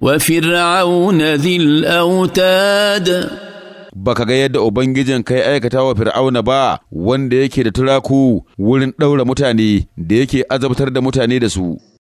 وفرعون ذي الأوتاد baka ga yadda Ubangijin kai aikata wa Fir'auna ba wanda yake da turaku wurin ɗaura mutane da yake azabtar da mutane da su.